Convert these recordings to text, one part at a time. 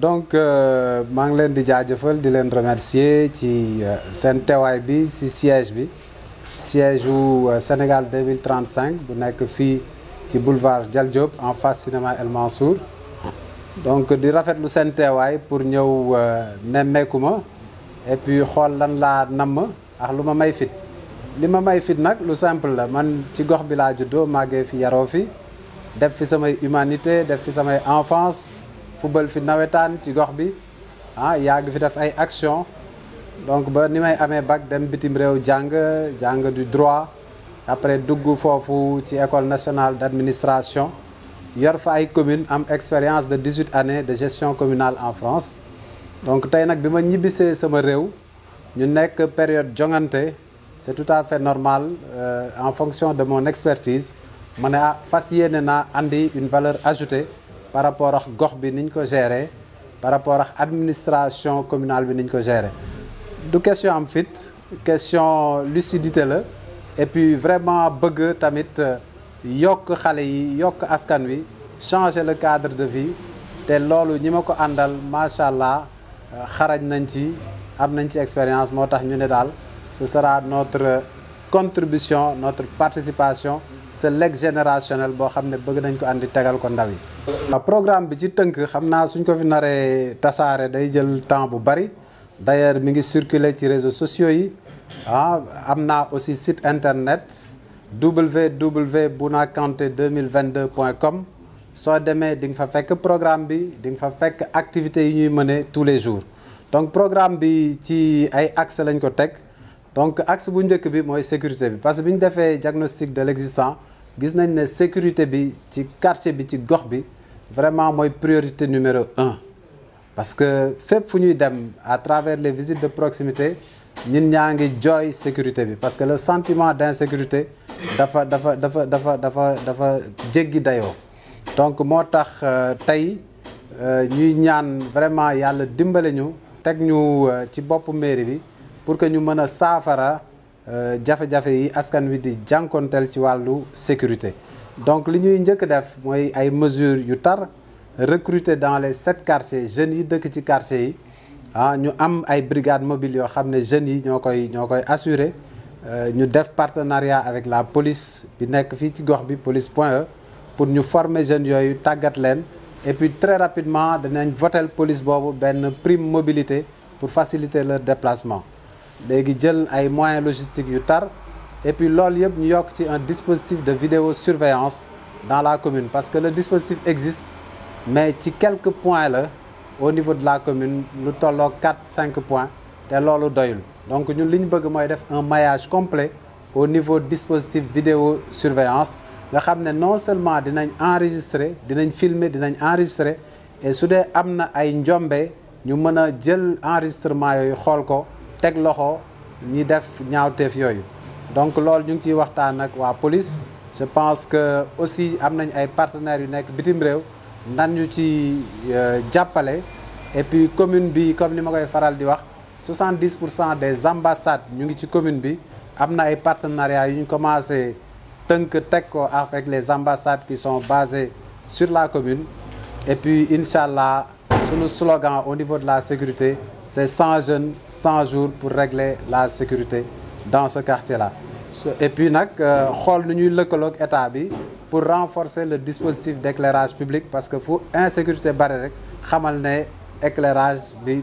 donc euh, maa ngi leen di jaajëfal di len remercier ci euh, sen teway bi ci siège bi siège u euh, Sénégal 2035 bu nek fi ci boulevard Dial Diop en face cinéma El Mansour donc di rafetlu sen teway pour ñew nemmeeku et puis xol lan la nam ak luma may fit lima may fit nag lu simple la man ci gox bi la juddoo màggee fi yaroo fi def fi sama humanité def fi sama enfance football fi nawetaan ci gox bi ah yàgg fi def ay action donc ba ni may amee bac dem bitim réew jàng jàng du droit après dugg fofu ci école nationale d'administration yor fa ay commune am expérience de 18 années de gestion communale en France donc tay nak bima ñibissé sama réew ñu nek période jonganté c'est tout à fait normal euh, en fonction de mon expertise mané a ah na andi une valeur ajoutée par rapport à gox bi niñ ko gérer par rapport à administration communale bi niñ ko gérer du question am fit question lucidité la et puis vraiment bëgg tamit euh, yok xalé yi yok askan wi changer le cadre de vie té lolu ñima ma ko àndal machallah allah euh, xarañ nañ ci am nañ ci expérience motax ñu né dal ce sera notre euh, contribution notre participation lex générationnel qui a bëgg programme bi ci tënk suñ temps d'ailleurs mi ngi circuler ci réseaux sociaux yi ah amna aussi site internet www.bounakante2022.com So demee programme activités yi ñuy tous les jours donc programme est ci donc axe bu njëkk bi moy sécurité bi parce que bi défé diagnostic de l'existant gis nañ né sécurité bi ci quartier bi ci gox bi vraiment moy priorité numéro 1. parce que fépp fu ñuy dem à travers les visites de proximité ñin ñangi joy sécurité bi parce que le sentiment d'insécurité dafa dafa dafa dafa dafa dafa jéggi dayo. donc motax euh, tay euh, ñuy ñaan vraiment Yalla dimbalé ñu tek ñu euh, ci bop mairie bi pour que ñu mën a saafara jafé euh, jafe yi askan wi di jankontel ci walu sécurité donc li ñuy ñëk def moy ay mesures yu tar recruter dans les sept quartiers jeunes yi dëkk ci quartiers yi ah ñu am ay brigades mobiles yo xamné jeunes yi ñoo koy un euh, ñu def partenariat avec la police bi nekk fi ci gox bi police.e pour ñu former jeunes yooyu tagat leen et puis très rapidement danañ voter police bobu ben prime mobilité pour faciliter leur déplacement gens ont des moyens logistiques plus tard. et puis loolu yëpp ñu un dispositif de vidéosurveillance dans la commune parce que le dispositif existe mais a quelques points là, au niveau de la commune nous avons 4 5 points et loolu doyul donc nous avons faire un maillage complet au niveau dispositif vidéosurveillance Nous avons non seulement dinañ enregistrer dinañ enregistrer et su nous avons un ay nous ñu mën enregistrement tek loxo ñi def ñaawteef yooyu donc loolu ñu ngi ciy waxtaan ak waa police je pense que aussi am nañ ay partenaires yu nekk bitim réew nan ñu ci euh, jàppale et puis commune bi comme ni ma koy faral di wax 70 des ambassades ñu ngi ci commune bi am na ay partenariats yu ñu commencé tënk teg ko avec les ambassades qui sont basées sur la commune et puis inshallah le slogan au niveau de la sécurité c'est 100 jeunes 100 jours pour régler la sécurité dans ce quartier là et puis nous euh, avons nu ñuy état pour renforcer le dispositif d'éclairage public parce que pour l'insécurité barrière rek xamal éclairage bi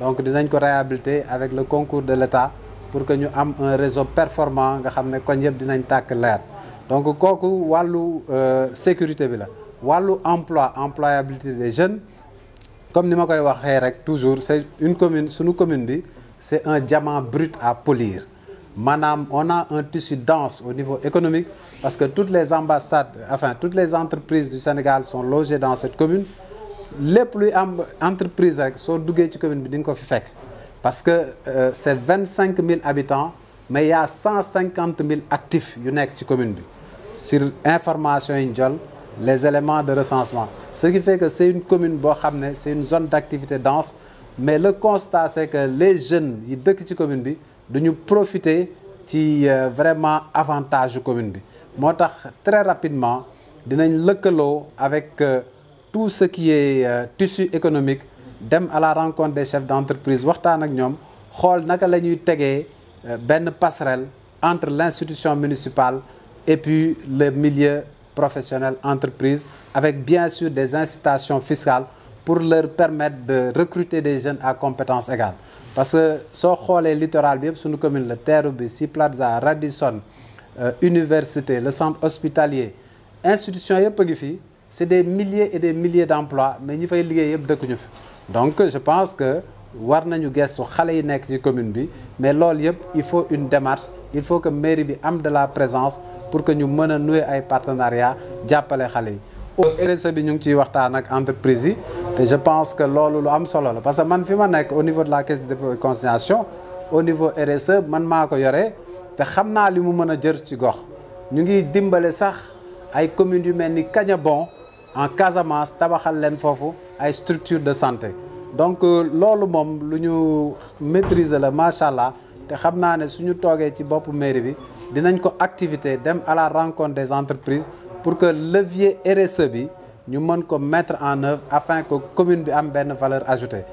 donc nous avons réhabilité avec le concours de l'État pour que nous ayons un réseau performant et que nous ayons donc kooku euh, sécurité bi la wàllu emploi employabilité des jeunes comme ni koy dit toujours c'est une commune commune c'est un diamant brut à polir Madame, on a un tissu dense au niveau économique parce que toutes les ambassades enfin toutes les entreprises du Sénégal sont logées dans cette commune les plus am entreprise rek dans cette ci commune bi parce que euh, c'est 25 000 habitants mais il y a 150 000 actifs yu nek ci commune sur information yi les éléments de recensement. Ce qui fait que c'est une commune, c'est une zone d'activité dense. Mais le constat, c'est que les jeunes qui de cette commune, de nous profiter ci euh, vraiment avantage commune bi commune très rapidement dinañ avec euh, tout ce qui est euh, tissu économique dem à la rencontre des chefs d'entreprise waxtaan ak une passerelle entre l'institution municipale et puis le milieu Professionnels, entreprises avec bien sûr des incitations fiscales pour leur permettre de recruter des jeunes à compétences égales. Parce que sur on littoral bi yëpp suñu commune les terres, bi six Plaza Radisson euh, université le centre hospitalier institution c'est des milliers et des milliers d'emplois mais il faut les lier donc je pense que war nañu gestu xale yi nek ci commune bi mais lool yeb il faut une démarche il faut que mairie bi am de la présence pour que ñu mëna a nouer ay partenariat jappalé xalé yi RSE bi ñu ngi ciy waxtaan ak entreprise te je pense que loolu lu am solo la parce que man fi ma au niveau de la caisse de dépôt consignation au niveau RSE man mako ko yore te xam naa li mu mën jër ci gox ñu ngi dimbalé sax ay commune yu melni ni en Casamance tabaxal len fofu ay structure de santé donc euh, loolu moom lu ñu maîtriser la macha allah te xam suñu mairie activité à la rencontre des entreprises pour que levier RSE bi ñu mën mettre en œuvre afin que commune bi am valeur ajoutée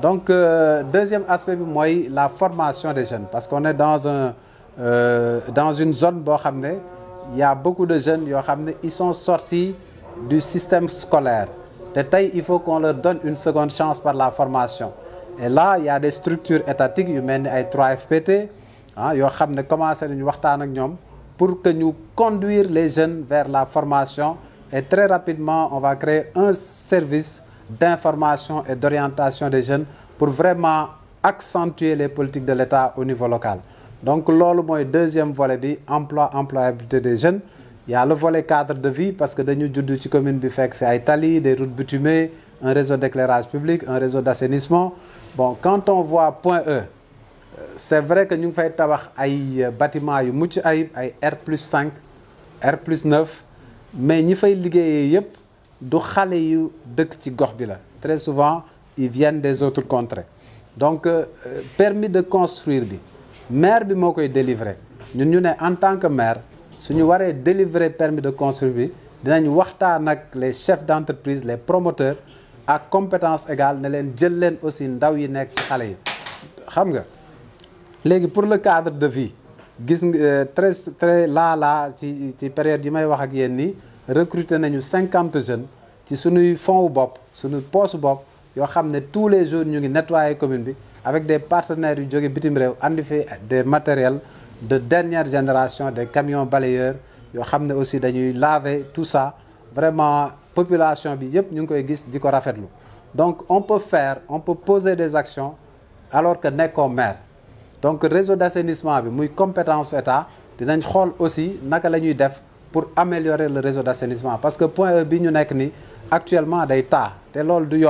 donc euh, deuxième aspect bi la formation des jeunes parce qu'on est dans euh, une zone boo il y a beaucoup de jeunes qui ils sont sortis du système scolaire il faut qu'on leur donne une seconde chance par la formation. Et là, il y a des structures étatiques, il y a 3FPT, à nous pour que nous conduire les jeunes vers la formation. Et très rapidement, on va créer un service d'information et d'orientation des jeunes pour vraiment accentuer les politiques de l'État au niveau local. Donc, c'est le deuxième volet, emploi, employabilité des jeunes y a le volet cadre de vie parce que dañu avons ci commune qui fekk fi ay des routes bitumées un réseau d'éclairage public un réseau d'assainissement bon quand on voit point E c'est vrai que nous ngi fay tabax ay bâtiments yu mucc ayib ay R plus 5 R plus 9 mais nous fay des yépp du sont yu ci très souvent ils viennent des autres contrées donc euh, permis de construire le maire bi moo délivré, nous, ñun en tant que maire suñu délivré délivrer permis de construire nous dinañ waxtaan les chefs d'entreprise les promoteurs à compétence égale ne leen aussi ndaw yi nekk ci pour le cadre de vie gis euh, très très là là. ci ci période yi may wax ak recruter nañu cinquante jeunes ci ou fonds sur suñu poste, bop, yoo tous les jours nous ngi nettoyer commune avec des partenaires qui ont bitim des matériels de dernière génération des camions balayeurs Yo xam aussi dañuy laver tout ça vraiment population bi yëpp ñu koy gis donc on peut faire on peut poser des actions alors que nekkoo maire donc réseau d'assainissement bi muy compétence état dinañ xol aussi naka lañuy def pour améliorer le réseau d'assainissement parce que point E bi ñu ni actuellement day ta té lool du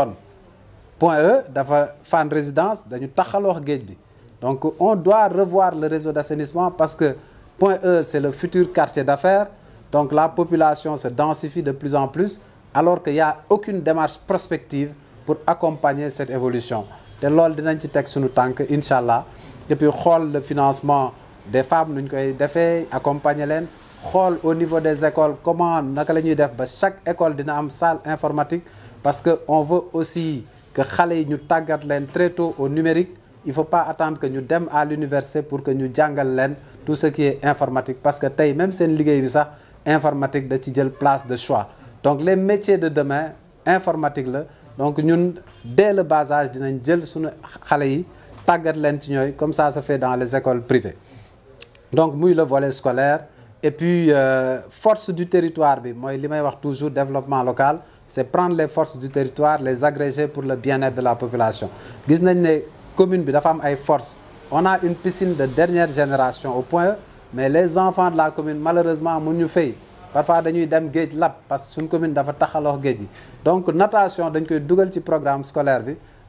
point E dafa une Résidence dañu taxaloox donc on doit revoir le réseau d'assainissement parce que point E, c'est le futur quartier d'affaires. Donc la population se densifie de plus en plus alors qu'il n'y a aucune démarche prospective pour accompagner cette évolution. De ce dinañ ci Inch'Allah. tank depuis le financement des femmes nous filles. koy accompagner les au niveau des écoles comment nous allons faire chaque école dina salle informatique parce que on veut aussi que les enfants nous très tôt au numérique il faut pas attendre que nous dem à l'université pour que nous jàngal tout ce qui est informatique parce que même même si nous bi ça informatique da ci place de choix donc les métiers de demain informatique là donc nous dès le bas âge nous jël nous xale yi comme ça se fait dans les écoles privées donc muy le volet scolaire et puis euh, force du territoire moi il li toujours développement local c'est prendre les forces du territoire les agréger pour le bien-être de la population commune bi dafa am force. on a une piscine de dernière génération au point e, mais les enfants de la commune malheureusement sont pas fay parfois dañuy dem pas lab parce que une commune dafa taxaloo Donc, la donc natation dañ koy ci programme scolaire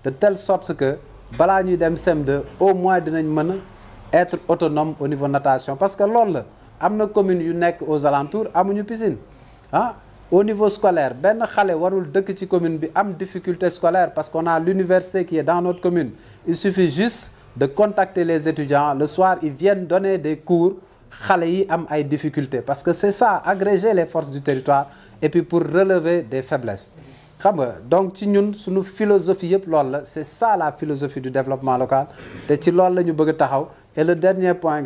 de telle sorte que les ñuy dem au moins dinañ mën être autonome au niveau natation parce que lool la a commune yu nekk aux alentours amuñu piscine piscines. Ah, au niveau scolaire ben, xalé warul deuk ci commune bi am difficulté scolaire parce qu'on a l'université qui est dans notre commune il suffit juste de contacter les étudiants le soir ils viennent donner des cours Xalé yi am ay parce que c'est ça agréger les forces du territoire et puis pour relever des faiblesses donc philosophie c'est ça la philosophie du développement local et le dernier point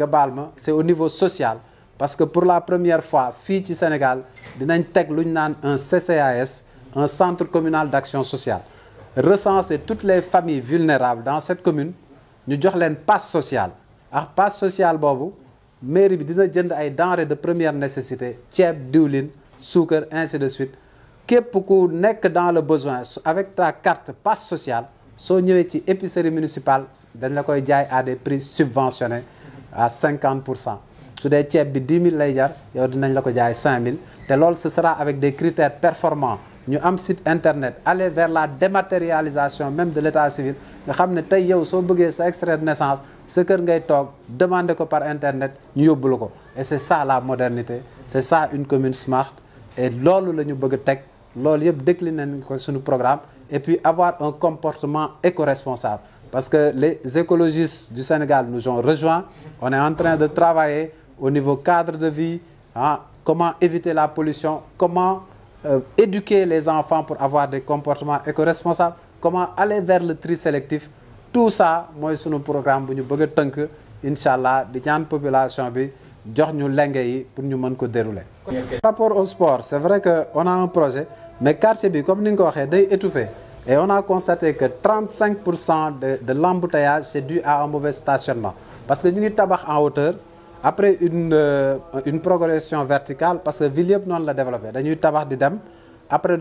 c'est au niveau social parce que pour la première fois Fiti Sénégal nous avons un CCAS un centre communal d'action sociale recenser toutes les familles vulnérables dans cette commune nous avons un passe sociale ak passe sociale c'est mairie bi dina jënd ay denrées de première nécessité ceeb douline, sucre, ainsi de suite képp n'est que dans le besoin avec ta carte passe sociale si ñëwee ci épicerie municipale dañ la des prix subventionnés à 50 si vous avez 10 000 lay jar yow dinañ la ko jaay ce sera avec des critères performants Nous avons un site internet aller vers la dématérialisation même de l'état civil Nous savons que si yow soo bëggee sa extrait de naissance ce que ngay demander par internet nous le ko et c'est ça la modernité c'est ça une commune smart et que nous voulons bëgg C'est ce que nous décliné ko suñu programme et puis avoir un comportement éco-responsable parce que les écologistes du Sénégal nous ont rejoints on est en train de travailler au niveau cadre de vie, hein, comment éviter la pollution, comment euh, éduquer les enfants pour avoir des comportements éco-responsables, comment aller vers le tri sélectif. Tout ça, moi, c'est un programme que nous voulons tenir Inch'Allah, de la population jox ñu pour nous dérouler. par rapport au sport c'est vrai que on a un projet mais quartier comme nous l'avons est étouffé et on a constaté que 35 de l'embouteillage C'est dû à un mauvais stationnement parce que nous tabac en hauteur après euh, une progression verticale parce que ville non la développé nous avons di dem après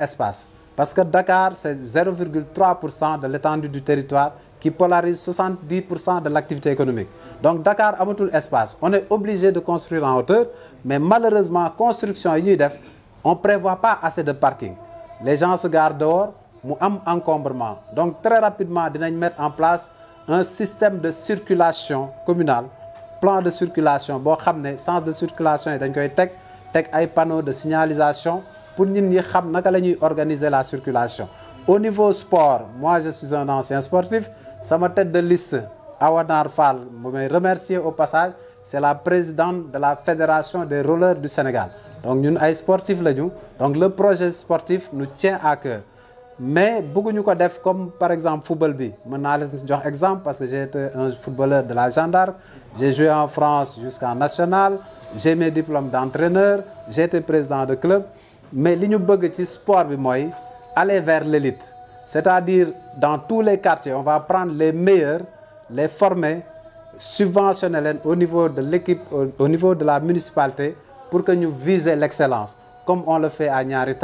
espace parce que Dakar c'est 0,3 de l'étendue du territoire qui polarise 70 de l'activité économique donc Dakar tout espace on est obligé de construire en hauteur mais malheureusement construction à def on prévoit pas assez de parking les gens se gardent dehors nous am encombrement donc très rapidement dinañ mettre en place un système de circulation communale plan de circulation sens de circulation et dañ koy panneaux de signalisation pour organiser la circulation au niveau sport moi je suis un ancien sportif sama tête de liste Awanar Fall je remercier au passage c'est la présidente de la fédération des rollers du Sénégal donc ñun ay sportifs donc le projet sportif nous tient à cœur mais beaucoup ko def comme par exemple football bi vais jox exemple parce que j'ai été un footballeur de la gendarme j'ai joué en France jusqu'en national j'ai mes diplômes d'entraîneur j'ai été président de club mais li ñu bëgg ci sport bi aller vers l'élite c'est-à-dire dans tous les quartiers on va prendre les meilleurs les former subventionner au niveau de l'équipe au niveau de la municipalité pour que nous visions l'excellence comme on le fait à Niary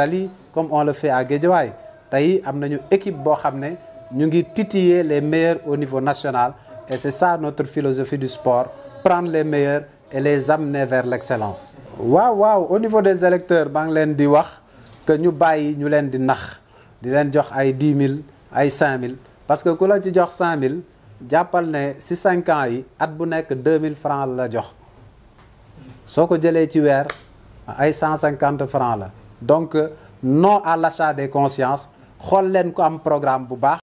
comme on le fait à Guédiawaye Tay, amna une équipe bo xamné ñu ngi titiller les meilleurs au niveau national et c'est ça notre philosophie du sport, prendre les meilleurs et les amener vers l'excellence. au niveau des électeurs, bang leen di wax que ñu bayyi ñu leen di nax, di leen jox ay 10000, ay 5000 parce que quand la ci jox 5000 jappal ne ci 5 ans yi at bu nek 2000 francs la jox. Soko jëlé ci wër ay 150 francs Donc non à l'achat des consciences xool leen ko am programme bu baax